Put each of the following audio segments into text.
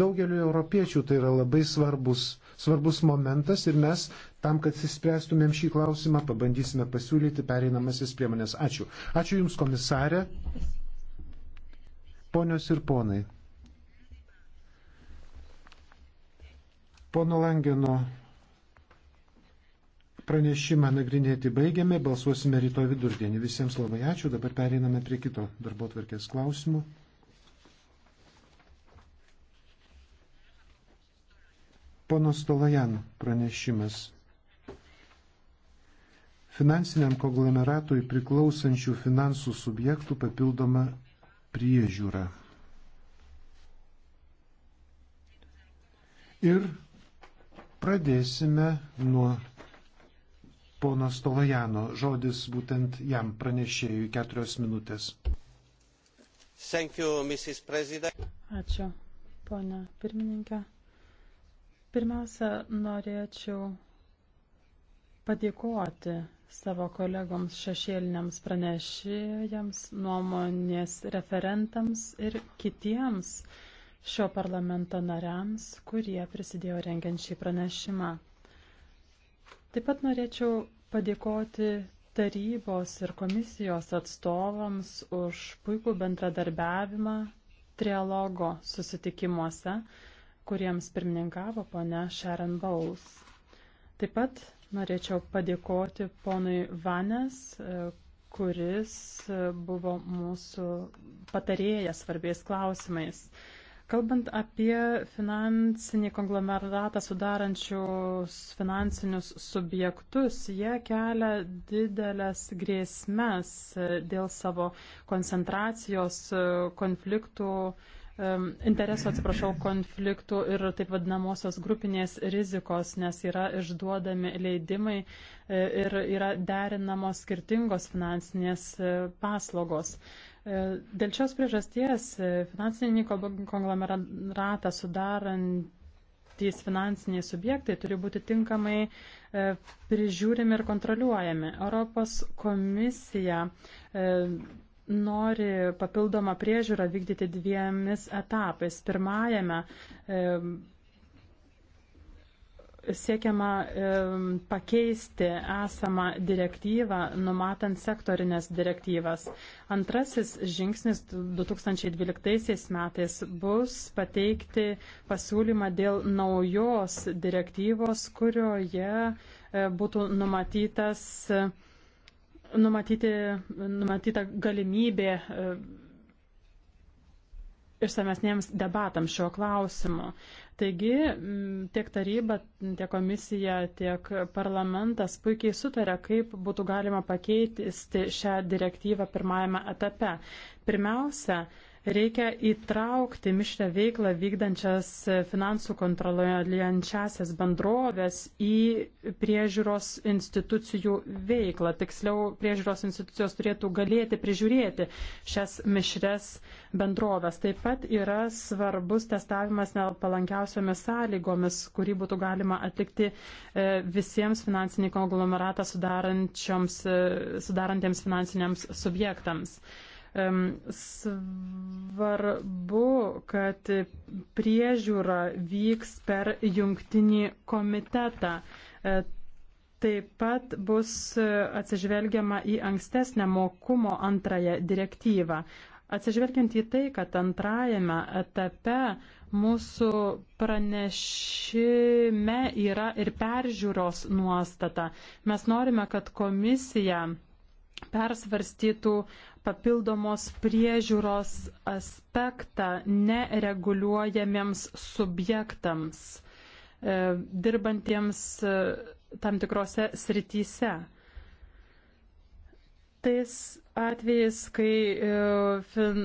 Daugeliu europiečių tai yra labai svarbus, svarbus momentas ir mes tam, kad įspręstumėm šį klausimą, pabandysime pasiūlyti pereinamasis priemonės. Ačiū. Ačiū Jums, komisarė. Ponios ir ponai. Pono Langeno pranešimą nagrinėti baigiame, balsuosime rytoj vidurdienį. Visiems labai ačiū, dabar pereiname prie kito darbo tvarkės klausimų. Pono Stolojan pranešimas. Finansiniam konglomeratui priklausančių finansų subjektų papildoma priežiūra. Ir pradėsime nuo pono Stolojano. Žodis būtent jam pranešėjui keturios minutės. Thank you, Ačiū, ponia pirmininkė. Pirmiausia, norėčiau padėkoti savo kolegoms šešėliniams pranešėjams, nuomonės referentams ir kitiems šio parlamento nariams, kurie prisidėjo rengiant šį pranešimą. Taip pat norėčiau padėkoti tarybos ir komisijos atstovams už puikų bendradarbiavimą trialogo susitikimuose kuriems pirmininkavo ponia Sharon Bowles. Taip pat norėčiau padėkoti ponui Vanes, e, kuris e, buvo mūsų patarėjas svarbiais klausimais. Kalbant apie finansinį konglomeratą sudarančius finansinius subjektus, jie kelia didelės grėsmes e, dėl savo koncentracijos konfliktų uh, interesų, atsiprašau, konfliktų ir taip vadinamosios grupinės rizikos, nes yra išduodami leidimai e, ir yra derinamos skirtingos finansinės e, paslaugos. E, dėl šios priežasties finansinį konglomeratą sudarantys finansiniai subjektai turi būti tinkamai prižiūrimi ir kontroliuojami. Europos komisija nori papildomą priežiūrą vykdyti dviemis etapais. Pirmajame siekiama pakeisti esamą direktyvą, numatant sektorinės direktyvas. Antrasis žingsnis 2012 metais bus pateikti pasiūlymą dėl naujos direktyvos, kurioje e, būtų numatytas numatyti, numatyta galimybė e, išsamesniems debatams šio klausimu. Taigi tiek taryba, tiek komisija, tiek parlamentas puikiai sutarė, kaip būtų galima pakeisti šią direktyvą pirmajame etape. Pirmiausia, Reikia įtraukti mišrę veiklą vykdančias finansų kontroliuojančiasias bendrovės į priežiūros institucijų veiklą. Tiksliau, priežiūros institucijos turėtų galėti prižiūrėti šias mišres bendrovės. Taip pat yra svarbus testavimas nepalankiausiomis sąlygomis, kurį būtų galima atlikti e, visiems finansinį konglomeratą e, sudarantiems finansiniams subjektams. Svarbu, kad priežiūra vyks per jungtinį komitetą. E, taip pat bus e, atsižvelgiama į ankstesnę mokumo antrąją direktyvą. Atsižvelgiant į tai, kad antrajame etape mūsų pranešime yra ir peržiūros nuostata, mes norime, kad komisija persvarstytų papildomos priežiūros aspektą nereguliuojamiems subjektams, e, dirbantiems e, tam tikrose srityse. Tais atvejais, kai e, fin,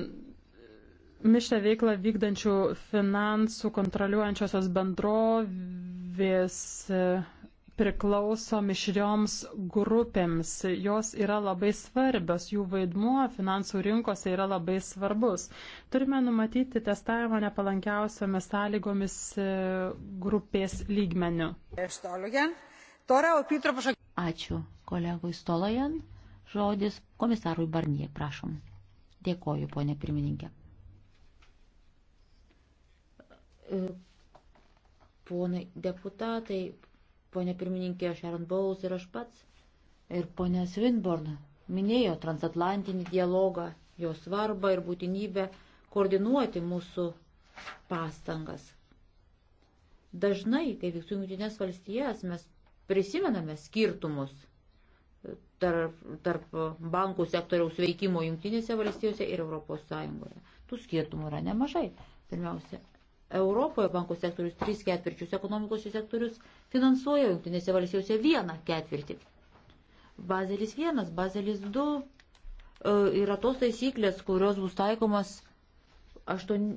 mišę veiklą vykdančių finansų kontroliuojančiosios bendrovės priklauso mišrioms grupėms. Jos yra labai svarbios, jų vaidmuo finansų rinkose yra labai svarbus. Turime numatyti testavimą nepalankiausiomis sąlygomis e, grupės lygmenių. Ačiū kolegui Stolojan. Žodis komisarui Barnie, prašom. Dėkoju, ponė pirmininkė. E, ponai deputatai, ponė pirmininkė Sharon Bowles ir aš pats, ir ponė Svinborn minėjo transatlantinį dialogą, jo svarbą ir būtinybę koordinuoti mūsų pastangas. Dažnai, kai vykstu jungtinės valstijas, mes prisimename skirtumus tarp, tarp bankų sektoriaus veikimo jungtinėse valstijose ir Europos Sąjungoje. Tų skirtumų yra nemažai. Pirmiausia, Europoje bankų sektorius 3 ketvirčius, ekonomikos sektorius finansuoja jungtinėse valstijose 1 ketvirtį. Bazelis 1, bazelis 2 e, yra tos taisyklės, kurios bus taikomas 8,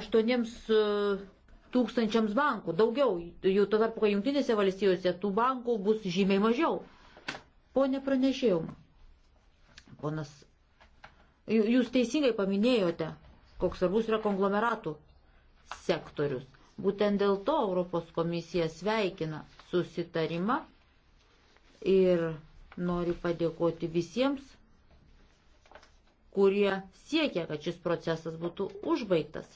8 tūkstančiams bankų. Daugiau, jų to tarpu, kai jungtinėse valstijose tų bankų bus žymiai mažiau. Pone pranešėjau, ponas, jūs teisingai paminėjote, koks svarbus yra konglomeratų sektorius. Būtent dėl to Europos komisija sveikina susitarimą ir noriu padėkoti visiems, kurie siekia, kad šis procesas būtų užbaigtas.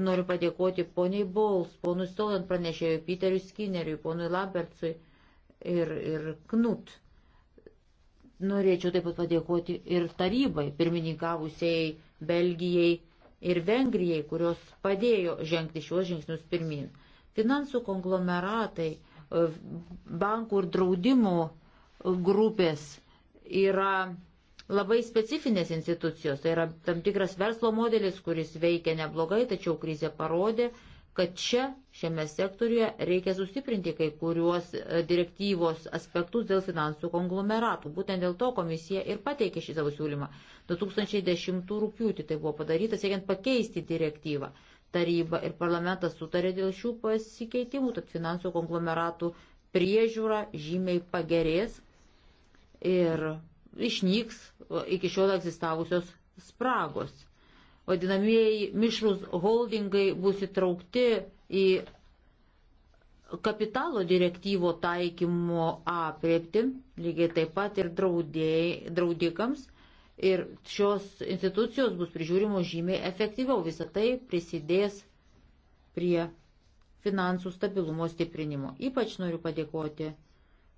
Noriu padėkoti poniai Bols, ponui Stolant pranešėjui, Piteriui Skinneriui, ponui Lambertsui ir, ir Knut. Norėčiau taip pat padėkoti ir tarybai, pirmininkavusiai Belgijai ir Vengrijai, kurios padėjo žengti šiuos žingsnius pirmin. Finansų konglomeratai, e, bankų ir draudimų grupės yra labai specifinės institucijos. Tai yra tam tikras verslo modelis, kuris veikia neblogai, tačiau krizė parodė, kad čia šiame sektoriuje reikia sustiprinti kai kuriuos e, direktyvos aspektus dėl finansų konglomeratų. Būtent dėl to komisija ir pateikė šį savo siūlymą. 2010 rūpiūtį tai buvo padaryta, siekiant pakeisti direktyvą. Taryba ir parlamentas sutarė dėl šių pasikeitimų, tad finansų konglomeratų priežiūra žymiai pagerės ir išnyks iki šiol egzistavusios spragos vadinamieji mišrus holdingai bus įtraukti į kapitalo direktyvo taikymo apriepti, lygiai taip pat ir draudėjai, draudikams. Ir šios institucijos bus prižiūrimos žymiai efektyviau. Visą tai prisidės prie finansų stabilumo stiprinimo. Ypač noriu padėkoti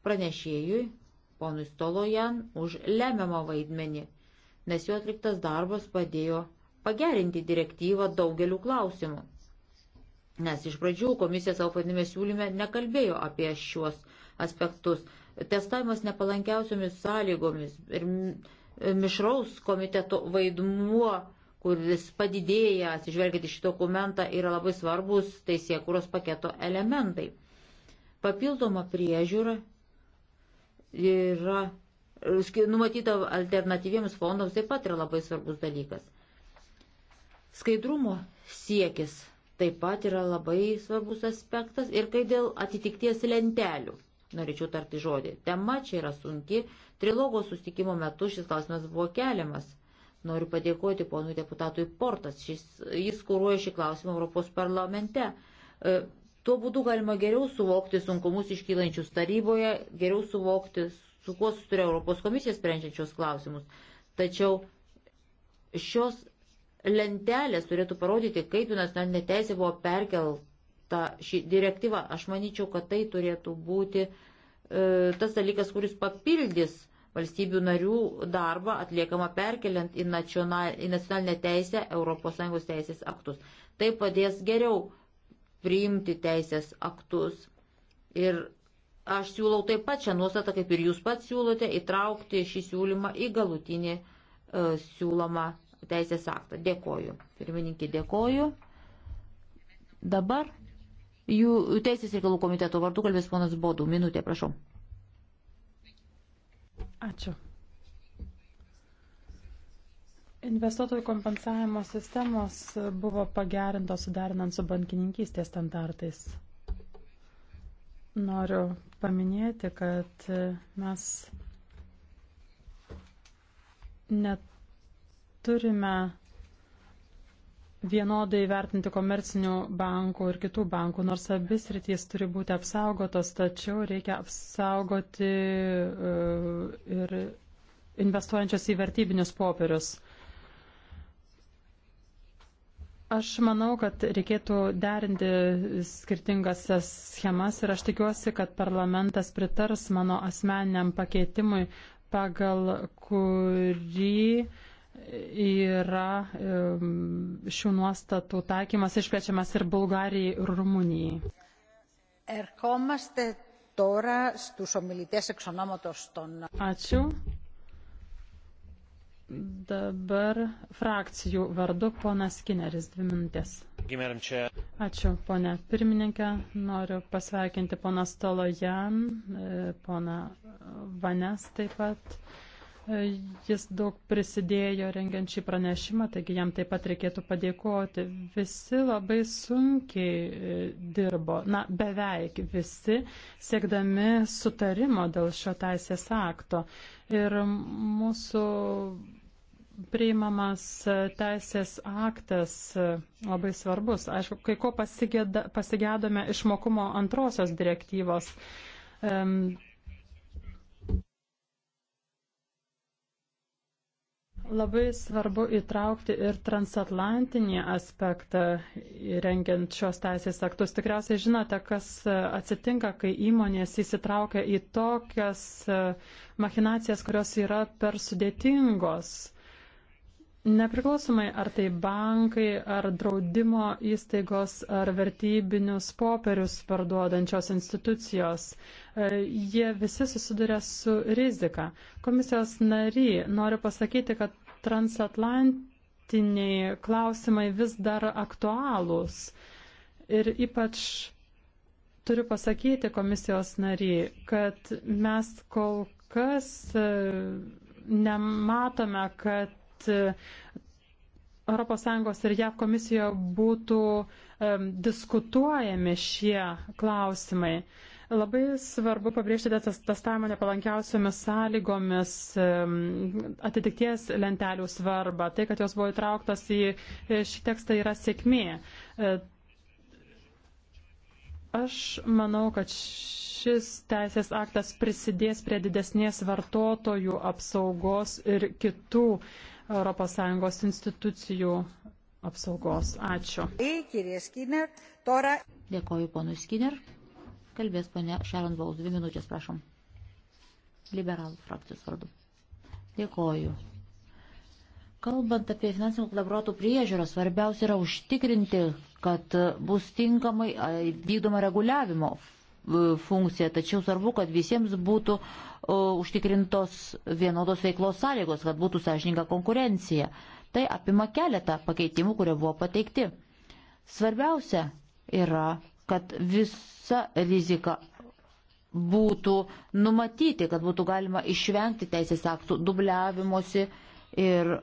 pranešėjui, ponui Stolojan, už lemiamą vaidmenį, nes jo atliktas darbas padėjo pagerinti direktyvą daugeliu klausimų. Nes iš pradžių komisija savo padinime siūlyme nekalbėjo apie šiuos aspektus. Testavimas nepalankiausiomis sąlygomis ir mišraus komiteto vaidmuo, kuris padidėja, atsižvelgiant į šį dokumentą, yra labai svarbus teisėkūros paketo elementai. Papildoma priežiūra yra numatyta alternatyviems fondams taip pat yra labai svarbus dalykas. Skaidrumo siekis taip pat yra labai svarbus aspektas ir kai dėl atitikties lentelių. Norėčiau tarti žodį. Tema čia yra sunki. Trilogo sustikimo metu šis klausimas buvo keliamas. Noriu padėkoti ponui deputatui Portas. Šis, jis kūruoja šį klausimą Europos parlamente. E, tuo būdu galima geriau suvokti sunkumus iškylančius taryboje, geriau suvokti, su kuo susiduria Europos komisija sprendžiančios klausimus. Tačiau šios lentelės turėtų parodyti, kaip į nacionalinę teisę buvo perkelta ši direktyva. Aš manyčiau, kad tai turėtų būti e, tas dalykas, kuris papildys valstybių narių darbą atliekamą perkeliant į, nacional, į nacionalinę teisę ES teisės aktus. Tai padės geriau priimti teisės aktus. Ir aš siūlau taip pat šią nuostatą, kaip ir jūs pats siūlote, įtraukti šį siūlymą į galutinį e, siūlomą teisės aktą. Dėkoju. Pirmininkė, dėkoju. Dabar jų teisės reikalų komiteto vardu kalbės ponas Bodų. Minutė, prašau. Ačiū. Investuotojų kompensavimo sistemos buvo pagerintos suderinant su bankininkystės standartais. Noriu paminėti, kad mes net turime vienodai vertinti komercinių bankų ir kitų bankų, nors abis rytys turi būti apsaugotos, tačiau reikia apsaugoti e, ir investuojančios į vertybinius popierius. Aš manau, kad reikėtų derinti skirtingas schemas ir aš tikiuosi, kad parlamentas pritars mano asmeniniam pakeitimui, pagal kurį uh, yra šių nuostatų taikymas išplečiamas ir Bulgarijai, ir Rumunijai. Ačiū. Dabar frakcijų vardu ponas Kineris, dvi minutės. Ačiū, ponė pirmininkė. Noriu pasveikinti poną Stolojan, e, poną Vanes taip pat. Jis daug prisidėjo rengiant šį pranešimą, taigi jam taip pat reikėtų padėkoti. Visi labai sunkiai e, dirbo, na beveik visi, siekdami sutarimo dėl šio teisės akto. Ir mūsų priimamas teisės aktas e, labai svarbus. Aišku, kai ko pasigėda, pasigėdome iš mokumo antrosios direktyvos. Um, Labai svarbu įtraukti ir transatlantinį aspektą, rengiant šios teisės aktus. Tikriausiai žinote, kas atsitinka, kai įmonės įsitraukia į tokias machinacijas, kurios yra per sudėtingos. Nepriklausomai ar tai bankai, ar draudimo įstaigos, ar vertybinius popierius parduodančios institucijos, e, jie visi susiduria su rizika. Komisijos nary, noriu pasakyti, kad transatlantiniai klausimai vis dar aktualūs. Ir ypač turiu pasakyti komisijos nary, kad mes kol kas e, nematome, kad ES ir JAV komisijoje būtų um, diskutuojami šie klausimai. Labai svarbu pabrėžti testavimo nepalankiausiomis sąlygomis um, atitikties lentelių svarbą. Tai, kad jos buvo įtrauktas į e, šį tekstą, yra sėkmė. Aš manau, kad šis teisės aktas prisidės prie didesnės vartotojų apsaugos ir kitų uh, ES institucijų apsaugos. Ačiū. Dėkoju, ponui Skinner. Kalbės ponė Sharon Bowles. Dvi minutės, prašom. Liberalų frakcijos vardu. Dėkoju. Kalbant apie finansinių laboratų priežiūrą, svarbiausia yra užtikrinti, kad bus tinkamai vykdoma reguliavimo E, funkciją, tačiau svarbu, kad visiems būtų e, užtikrintos vienodos veiklos sąlygos, kad būtų sąžininga konkurencija. Tai apima keletą pakeitimų, kurie buvo pateikti. Svarbiausia yra, kad visa rizika būtų numatyti, kad būtų galima išvengti teisės aktų dubliavimosi ir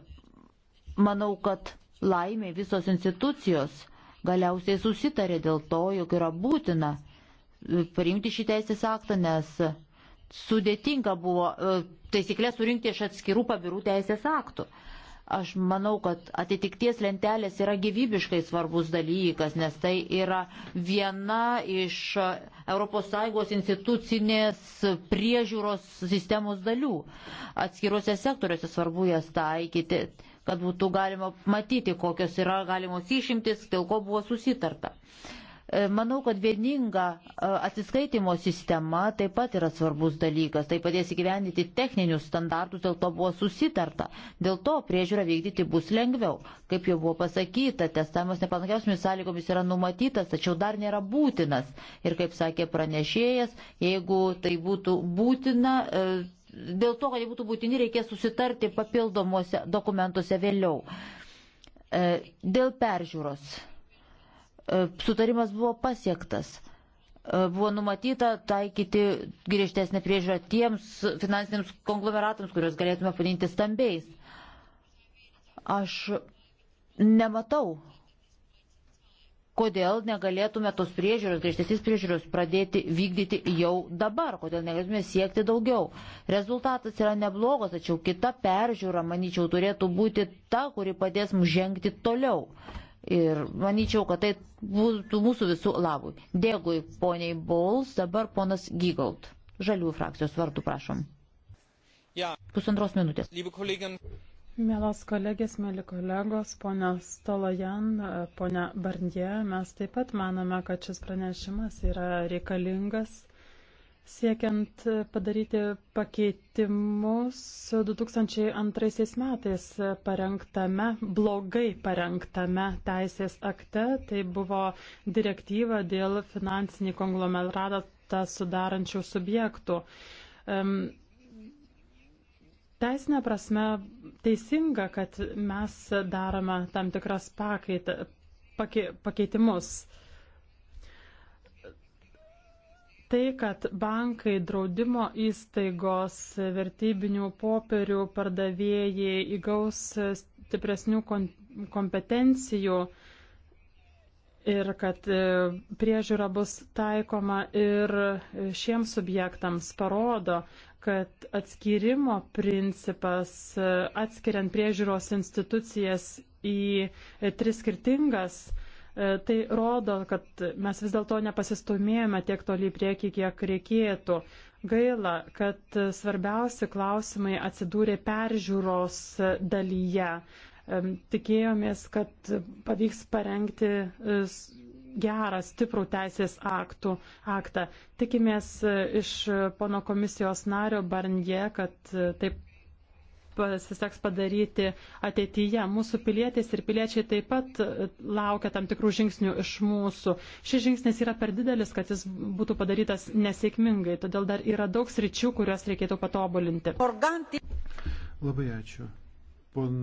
manau, kad laimė visos institucijos galiausiai susitarė dėl to, jog yra būtina priimti šį teisės aktą, nes sudėtinga buvo e, taisyklę surinkti iš atskirų pabirų teisės aktų. Aš manau, kad atitikties lentelės yra gyvybiškai svarbus dalykas, nes tai yra viena iš ES institucinės priežiūros sistemos dalių. Atskiruose sektoriuose svarbu jas taikyti, kad būtų galima matyti, kokios yra galimos išimtis, dėl ko buvo susitarta. Uh, E, manau, kad vieninga e, atsiskaitimo sistema taip pat yra svarbus dalykas. Tai padės įgyvendyti techninius standartus, dėl to buvo susitarta. Dėl to priežiūrą vykdyti bus lengviau. Kaip jau buvo pasakyta, testavimas nepalankiausiamis sąlygomis yra numatytas, tačiau dar nėra būtinas. Ir kaip sakė pranešėjas, jeigu tai būtų būtina. E, dėl to, kad jie būtų būtini, reikės susitarti papildomuose dokumentuose vėliau. Dėl peržiūros E, sutarimas buvo pasiektas. E, buvo numatyta taikyti griežtesnę priežiūrą tiems finansiniams konglomeratams, kuriuos galėtume paninti stambiais. Aš nematau, kodėl negalėtume tos priežiūros, griežtesnės priežiūros pradėti vykdyti jau dabar, kodėl negalėtume siekti daugiau. Rezultatas yra neblogas, tačiau kita peržiūra, manyčiau, turėtų būti ta, kuri padės mums žengti toliau. Uh, Ir manyčiau, kad tai būtų mūsų visų labui. Dėkui poniai Bols, dabar ponas Gygaut. Žalių frakcijos vartų prašom. Ja. Pusantros minutės. Mielos kolegės, mėly kolegos, ponia Stolojan, ponia Barnie, mes taip pat manome, kad šis pranešimas yra reikalingas siekiant padaryti pakeitimus 2002 metais parengtame, blogai parengtame teisės akte, tai buvo direktyva dėl finansinį konglomeratą sudarančių subjektų. Teisinė prasme teisinga, kad mes darome tam tikras pakait, pake, pakeitimus. tai, kad bankai, draudimo įstaigos, vertybinių popierių pardavėjai įgaus stipresnių kompetencijų ir kad e, priežiūra bus taikoma ir šiems subjektams parodo, kad atskirimo principas e, atskiriant priežiūros institucijas į e, tris skirtingas E, tai rodo, kad mes vis dėlto nepasistumėjome tiek toli prieki, kiek reikėtų. Gaila, kad svarbiausi klausimai atsidūrė peržiūros dalyje. E, tikėjomės, kad pavyks parengti e, gerą, stiprų teisės aktų, aktą. Tikimės iš pono komisijos nario Barnie, kad taip pasiseks padaryti ateityje. Mūsų pilietės ir piliečiai taip pat e, laukia tam tikrų žingsnių iš mūsų. Šis žingsnis yra per didelis, kad jis būtų padarytas nesėkmingai, todėl dar yra daug sričių, kurias reikėtų patobulinti. Morganti. Labai ačiū. Pon,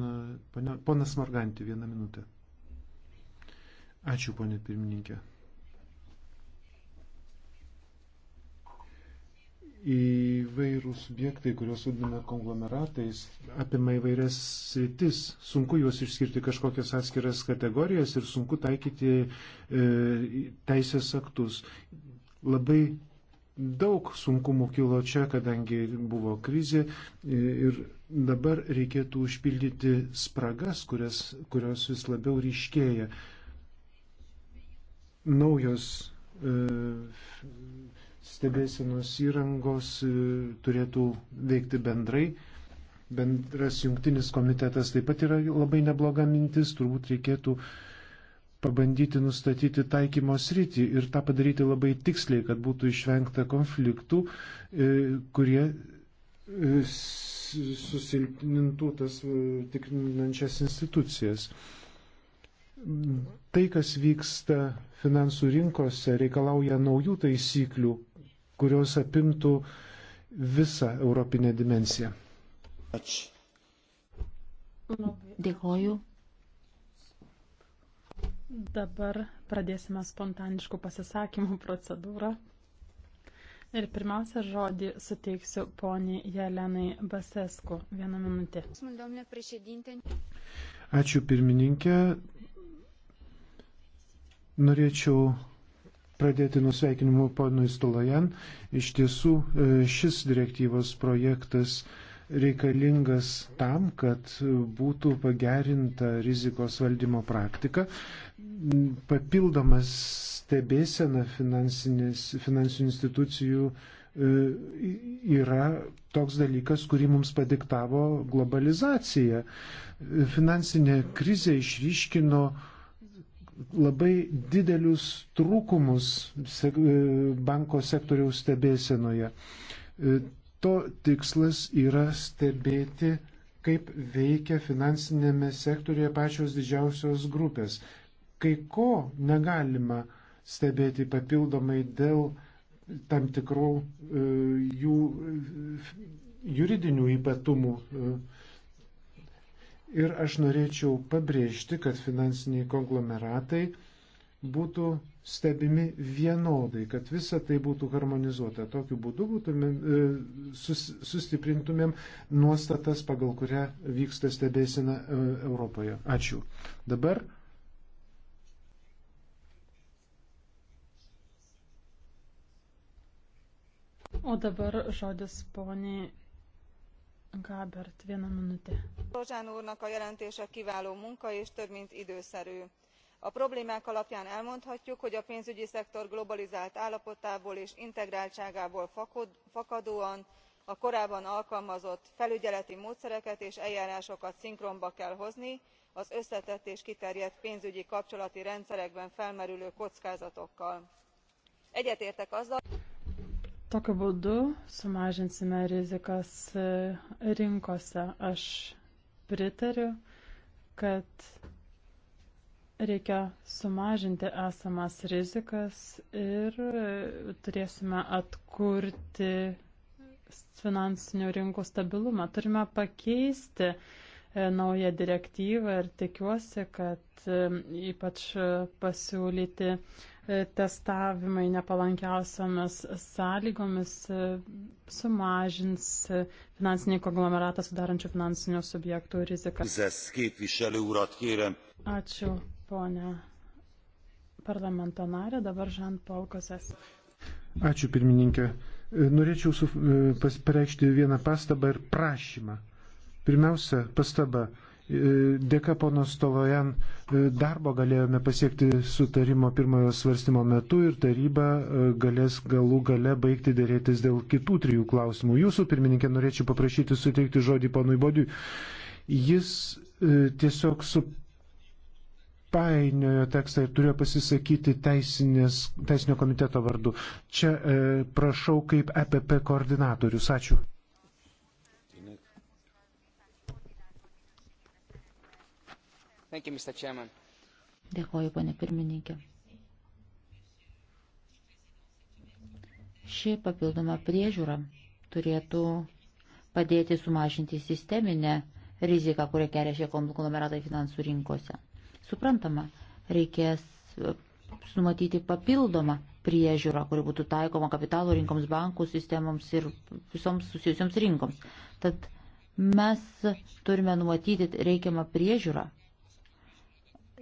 ponas Morganti, vieną minutę. Ačiū, ponė pirmininkė. įvairūs subjektai, kuriuos vadiname konglomeratais, apima įvairias sritis. Sunku juos išskirti kažkokias atskiras kategorijas ir sunku taikyti e, teisės aktus. Labai daug sunkumų kilo čia, kadangi buvo krizė e, ir dabar reikėtų užpildyti spragas, kurias, kurios vis labiau ryškėja. Naujos e, stebėsenos įrangos e, turėtų veikti bendrai. Bendras jungtinis komitetas taip pat yra labai nebloga mintis, turbūt reikėtų pabandyti nustatyti taikymo sritį ir tą padaryti labai tiksliai, kad būtų išvengta konfliktų, e, kurie e, susilpnintų tas tikrinančias institucijas. Tai, kas vyksta finansų rinkose, reikalauja naujų taisyklių, kurios apimtų visą europinę dimensiją. Ačiū. Dėkoju. Dabar pradėsime spontaniškų pasisakymų procedūrą. Ir pirmiausia, žodį suteiksiu poniai Jelenai Basesku. Vieną minutę. Ačiū pirmininkė. Norėčiau pradėti nuo sveikinimų ponui Stolojan. Iš tiesų e, šis direktyvos projektas reikalingas tam, kad būtų pagerinta rizikos valdymo praktika, papildomas stebėsena finansinių institucijų e, yra toks dalykas, kurį mums padiktavo globalizacija. Finansinė krizė išryškino labai didelius trūkumus e, banko sektoriaus stebėsenoje. E, to tikslas yra stebėti, kaip veikia finansinėme sektorėje pačios didžiausios grupės. Kai ko negalima stebėti papildomai dėl tam tikrų e, jų juridinių ypatumų. E, Ir aš norėčiau pabrėžti, kad finansiniai konglomeratai būtų stebimi vienodai, kad visa tai būtų harmonizuota. Tokiu būdu būtumėm, e, sus, sustiprintumėm nuostatas, pagal kurią vyksta stebėsina e, Europoje. Ačiū. Dabar O dabar žodis poniai Gábert, vieną minutę. Rozsán úrnak a jelentése kiváló munka és több mint időszerű. A problémák alapján elmondhatjuk, hogy a pénzügyi szektor globalizált állapotából és integráltságából fakadóan a korábban alkalmazott felügyeleti módszereket és eljárásokat szinkronba kell hozni az összetett és kiterjedt pénzügyi kapcsolati rendszerekben felmerülő kockázatokkal. egyetértek azzal Tokiu būdu sumažinsime rizikas e, rinkose. Aš pritariu, kad reikia sumažinti esamas rizikas ir e, turėsime atkurti finansinių rinkų stabilumą. Turime pakeisti e, naują direktyvą ir tikiuosi, kad ypač pasiūlyti uh, testavimai nepalankiausiamis sąlygomis sumažins finansinį konglomeratą sudarančių finansinių subjektų riziką. Ačiū, ponė parlamento narė, dabar Žan Paukosės. Ačiū, pirmininkė. Norėčiau su, e, pas, pareikšti vieną pastabą ir prašymą. Pirmiausia, pastaba. Dėka pono Stolojan e, darbo galėjome pasiekti sutarimo pirmojo svarstymo metu ir taryba e, galės galų gale baigti dėrėtis dėl kitų trijų klausimų. Jūsų pirmininkė norėčiau paprašyti suteikti žodį ponui Bodiui. Jis e, tiesiog su painiojo tekstą ir turėjo pasisakyti teisinės, teisinio komiteto vardu. Čia e, prašau kaip EPP koordinatorius. Ačiū. Thank you, Mr. Chairman. Dėkoju, ponė pirmininkė. Ši papildoma priežiūra turėtų padėti sumažinti sisteminę riziką, kurią kelia šie konglomeratai finansų rinkose. Suprantama, reikės e, numatyti papildomą priežiūrą, kuri būtų taikoma kapitalo rinkoms, bankų sistemoms ir visoms susijusioms rinkoms. Tad mes turime numatyti reikiamą priežiūrą,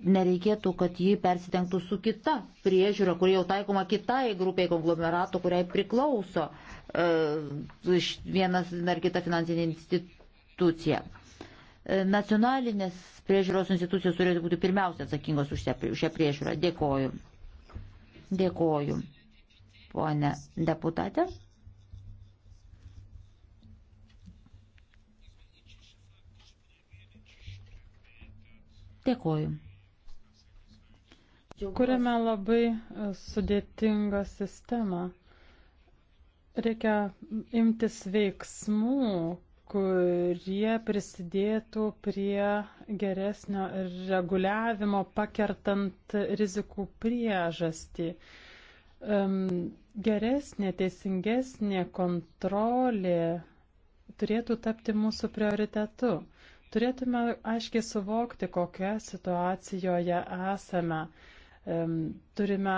nereikėtų, kad jį persitengtų su kita priežiūra, kuri jau taikoma kitai grupiai konglomerato, kuriai priklauso e, vienas ar kita finansinė institucija. E, nacionalinės priežiūros institucijos turėtų būti pirmiausia atsakingos už šią priežiūrą. Dėkoju. Dėkoju, ponė deputatė. Dėkoju. Kuriame labai e, sudėtingą sistemą. Reikia imtis veiksmų, kurie prisidėtų prie geresnio reguliavimo, pakertant rizikų priežastį. Geresnė, teisingesnė kontrolė turėtų tapti mūsų prioritetu. Turėtume aiškiai suvokti, kokioje situacijoje esame. Turime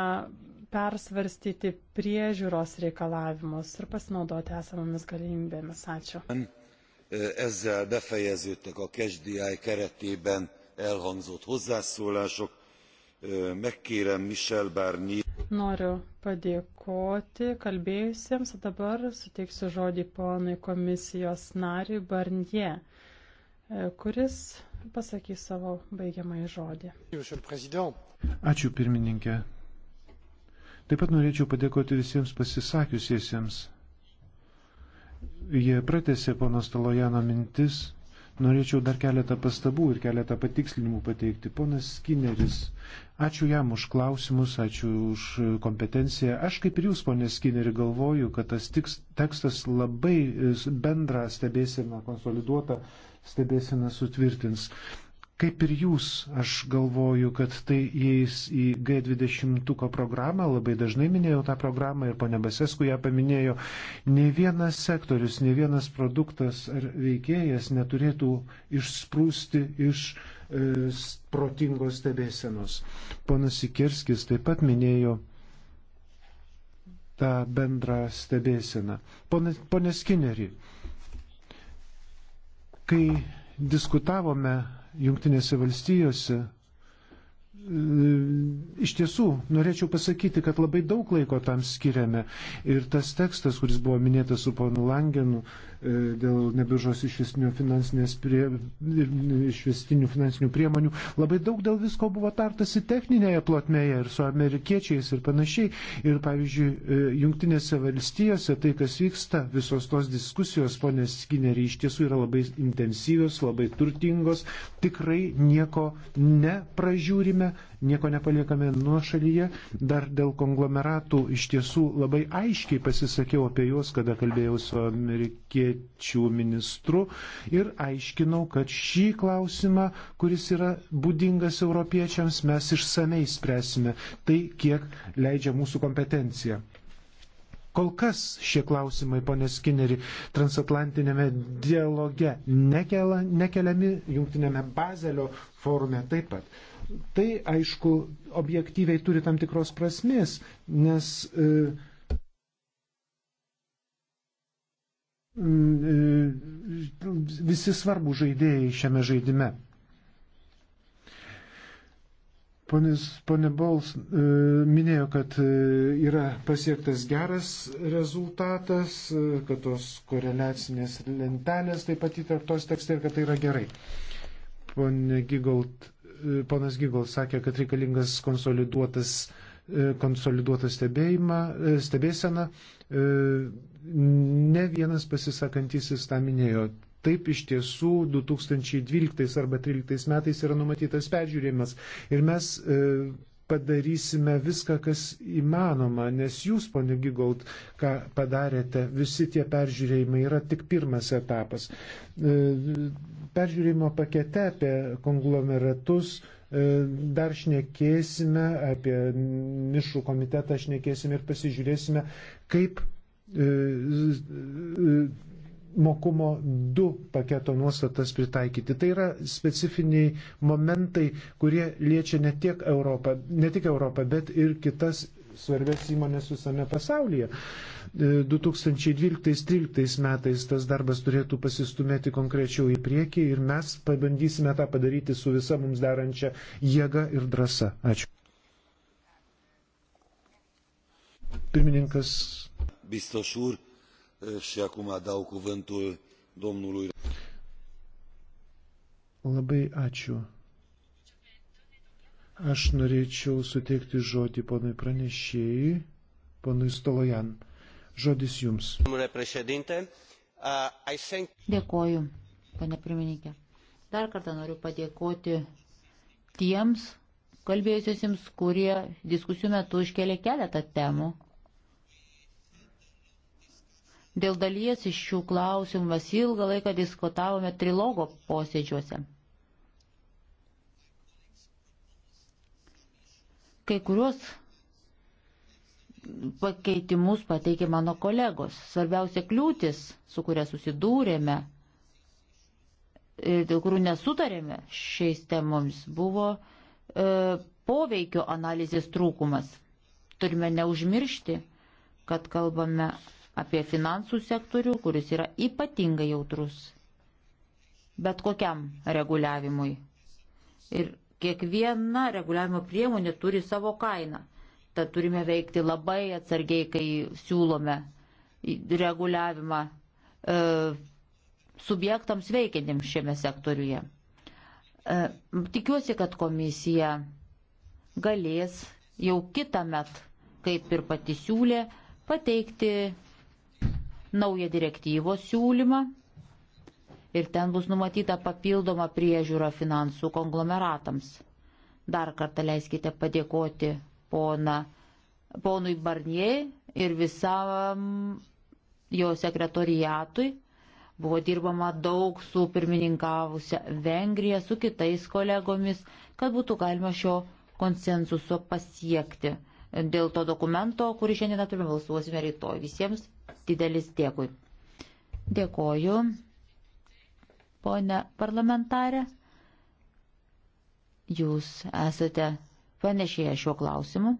persvarstyti priežiūros reikalavimus ir pasinaudoti esamomis galimybėmis. Ačiū. E, ezzel befejeződtek a KSDI keretében elhangzott hozzászólások. E, megkérem Michel Barnier. Noriu padėkoti kalbėjusiems, o dabar suteiksiu žodį ponui komisijos nariui Barnier, e, kuris pasakys savo baigiamąjį žodį. Ačiū pirmininkė. Taip pat norėčiau padėkoti visiems pasisakiusiesiems. Jie pratėsi pono Stalojano mintis Norėčiau dar keletą pastabų ir keletą patikslinimų pateikti. Ponas Skinneris, ačiū jam už klausimus, ačiū už kompetenciją. Aš kaip ir jūs, ponė Skinneri, galvoju, kad tas tekstas labai bendrą stebėsieną, konsoliduotą stebėsieną sutvirtins. Kaip ir jūs, aš galvoju, kad tai įeis į G20 programą, labai dažnai minėjau tą programą ir ponė Basesku ją paminėjo, ne vienas sektorius, ne vienas produktas ar veikėjas neturėtų išsprūsti iš e, protingos stebėsenos. Ponas Sikirskis taip pat minėjo tą bendrą stebėseną. Pone, pone Skinneri, kai diskutavome Junktinėse valstijose E, iš tiesų, norėčiau pasakyti, kad labai daug laiko tam skiriame. Ir tas tekstas, kuris buvo minėtas su ponu Langenu e, dėl nebiržos išvestinių, prie, išvestinių finansinių priemonių, labai daug dėl visko buvo tartasi techninėje plotmėje ir su amerikiečiais ir panašiai. Ir pavyzdžiui, e, jungtinėse valstijose tai, kas vyksta, visos tos diskusijos, ponės Skineri, iš tiesų yra labai intensyvios, labai turtingos, tikrai nieko nepražiūrime nepamirštame, nieko nepaliekame nuo šalyje. Dar dėl konglomeratų iš tiesų labai aiškiai pasisakiau apie juos, kada kalbėjau su amerikiečių ministru ir aiškinau, kad šį klausimą, kuris yra būdingas europiečiams, mes išsamei spręsime. Tai kiek leidžia mūsų kompetencija. Kol kas šie klausimai, ponė Skinneri, transatlantinėme dialoge nekela, nekeliami, jungtinėme bazelio forume taip pat. Tai, aišku, objektyviai turi tam tikros prasmės, nes e, e visi svarbų žaidėjai šiame žaidime. Ponis, ponė Bols e, minėjo, kad e, yra pasiektas geras rezultatas, e, kad tos koreliacinės lentelės taip pat įtartos tekste ir kad tai yra gerai. Pone Gigault, ponas Gygol sakė, kad reikalingas konsoliduotas, e, konsoliduotas e, stebėsena. E, ne vienas pasisakantisis tą minėjo. Taip iš tiesų 2012 arba 2013 metais yra numatytas peržiūrėjimas. Ir mes padarysime viską, kas įmanoma, nes jūs, ponė Gigaut, ką padarėte, visi tie peržiūrėjimai yra tik pirmas etapas. E, peržiūrėjimo pakete apie konglomeratus e, dar šnekėsime, apie nišų komitetą šnekėsime ir pasižiūrėsime, kaip e, mokumo 2 paketo nuostatas pritaikyti. Tai yra specifiniai momentai, kurie liečia ne, tiek Europą, ne tik Europą, bet ir kitas svarbės įmonės visame pasaulyje. 2012-2013 e, metais tas darbas turėtų pasistumėti konkrečiau į priekį ir mes pabandysime tą padaryti su visa mums darančia jėga ir drąsa. Ačiū. Pirmininkas. Biztos úr, și acum dau cuvântul domnului. Labai ačiū. Aš norėčiau suteikti žodį ponui pranešėjui, ponui Stolojan. Žodis jums. Dėkoju, pane pirmininkė. Dar kartą noriu padėkoti tiems kalbėjusiems, kurie diskusijų metu iškėlė keletą temų, Dėl dalies iš šių klausimų mes ilgą laiką diskutavome trilogo posėdžiuose. Kai kuriuos pakeitimus pateikė mano kolegos. Svarbiausia kliūtis, su kuria susidūrėme ir dėl kurių nesutarėme šiais temoms, buvo e, poveikio analizės trūkumas. Turime neužmiršti, kad kalbame apie finansų sektorių, kuris yra ypatingai jautrus bet kokiam reguliavimui. Ir kiekviena reguliavimo priemonė turi savo kainą. Tad turime veikti labai atsargiai, kai siūlome reguliavimą e, subjektams veikiantiems šiame sektoriuje. E, tikiuosi, kad komisija galės jau kitą met, kaip ir pati siūlė, pateikti naują direktyvos siūlymą ir ten bus numatyta papildoma priežiūra finansų konglomeratams. Dar kartą leiskite padėkoti pona, ponui Barnier ir visam jo sekretorijatui. Buvo dirbama daug su pirmininkavusia Vengrija, su kitais kolegomis, kad būtų galima šio konsensuso pasiekti. Dėl to dokumento, kurį šiandien turime balsuosime rytoj. Visiems didelis. Dėkui. Dėkoju, ponė parlamentarė. Jūs esate panešėję šiuo klausimu.